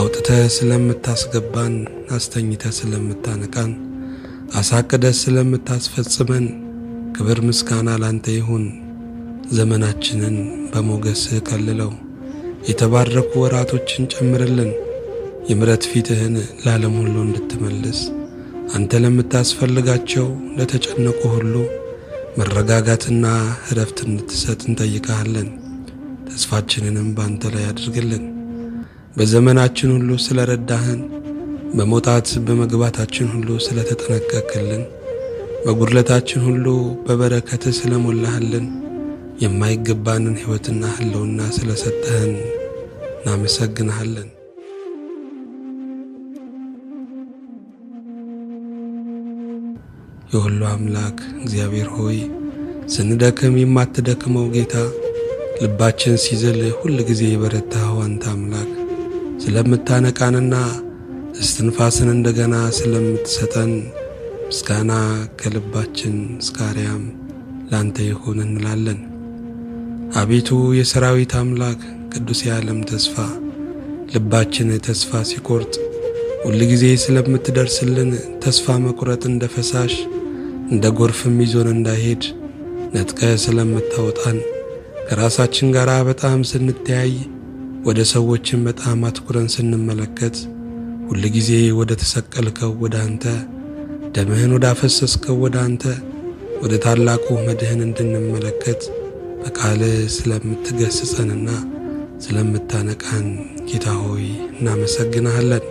አውጥተህ ስለምታስገባን፣ አስተኝተህ ስለምታነቃን፣ አሳቅደህ ስለምታስፈጽመን ክብር ምስጋና ላንተ ይሁን። ዘመናችንን በሞገስህ ከልለው፣ የተባረኩ ወራቶችን ጨምርልን። የምረት ፊትህን ለዓለም ሁሉ እንድትመልስ አንተ ለምታስፈልጋቸው ለተጨነቁ ሁሉ መረጋጋትና እረፍት እንድትሰጥ እንጠይቀሃለን። ተስፋችንንም በአንተ ላይ አድርግልን። በዘመናችን ሁሉ ስለረዳህን፣ በመውጣት በመግባታችን ሁሉ ስለተጠነቀቅልን፣ በጉድለታችን ሁሉ በበረከት ስለሞላህልን፣ የማይገባንን ሕይወትና ህልውና ስለሰጠህን እናመሰግንሃለን። የሁሉ አምላክ እግዚአብሔር ሆይ ስንደክም የማትደክመው ጌታ ልባችን ሲዘል ሁል ጊዜ የበረታኸው አንተ አምላክ ስለምታነቃንና እስትንፋስን እንደገና ስለምትሰጠን ምስጋና ከልባችን እስከ አርያም ላንተ ይሁን እንላለን። አቤቱ የሰራዊት አምላክ ቅዱስ የዓለም ተስፋ ልባችን ተስፋ ሲቆርጥ ሁል ጊዜ ስለምትደርስልን ተስፋ መቁረጥ እንደ ፈሳሽ እንደ ጎርፍም ይዞን እንዳይሄድ ነጥቀ ስለምታወጣን ከራሳችን ጋር በጣም ስንተያይ ወደ ሰዎችን በጣም አትኩረን ስንመለከት ጊዜ ወደ ተሰቀልከው ወደ አንተ ደምህን ወደ አፈሰስከው ወደ አንተ ወደ ታላቁ መድህን እንድንመለከት በቃል ስለምትገስጸንና ስለምታነቃን ጌታ ሆይ እናመሰግናሃለን።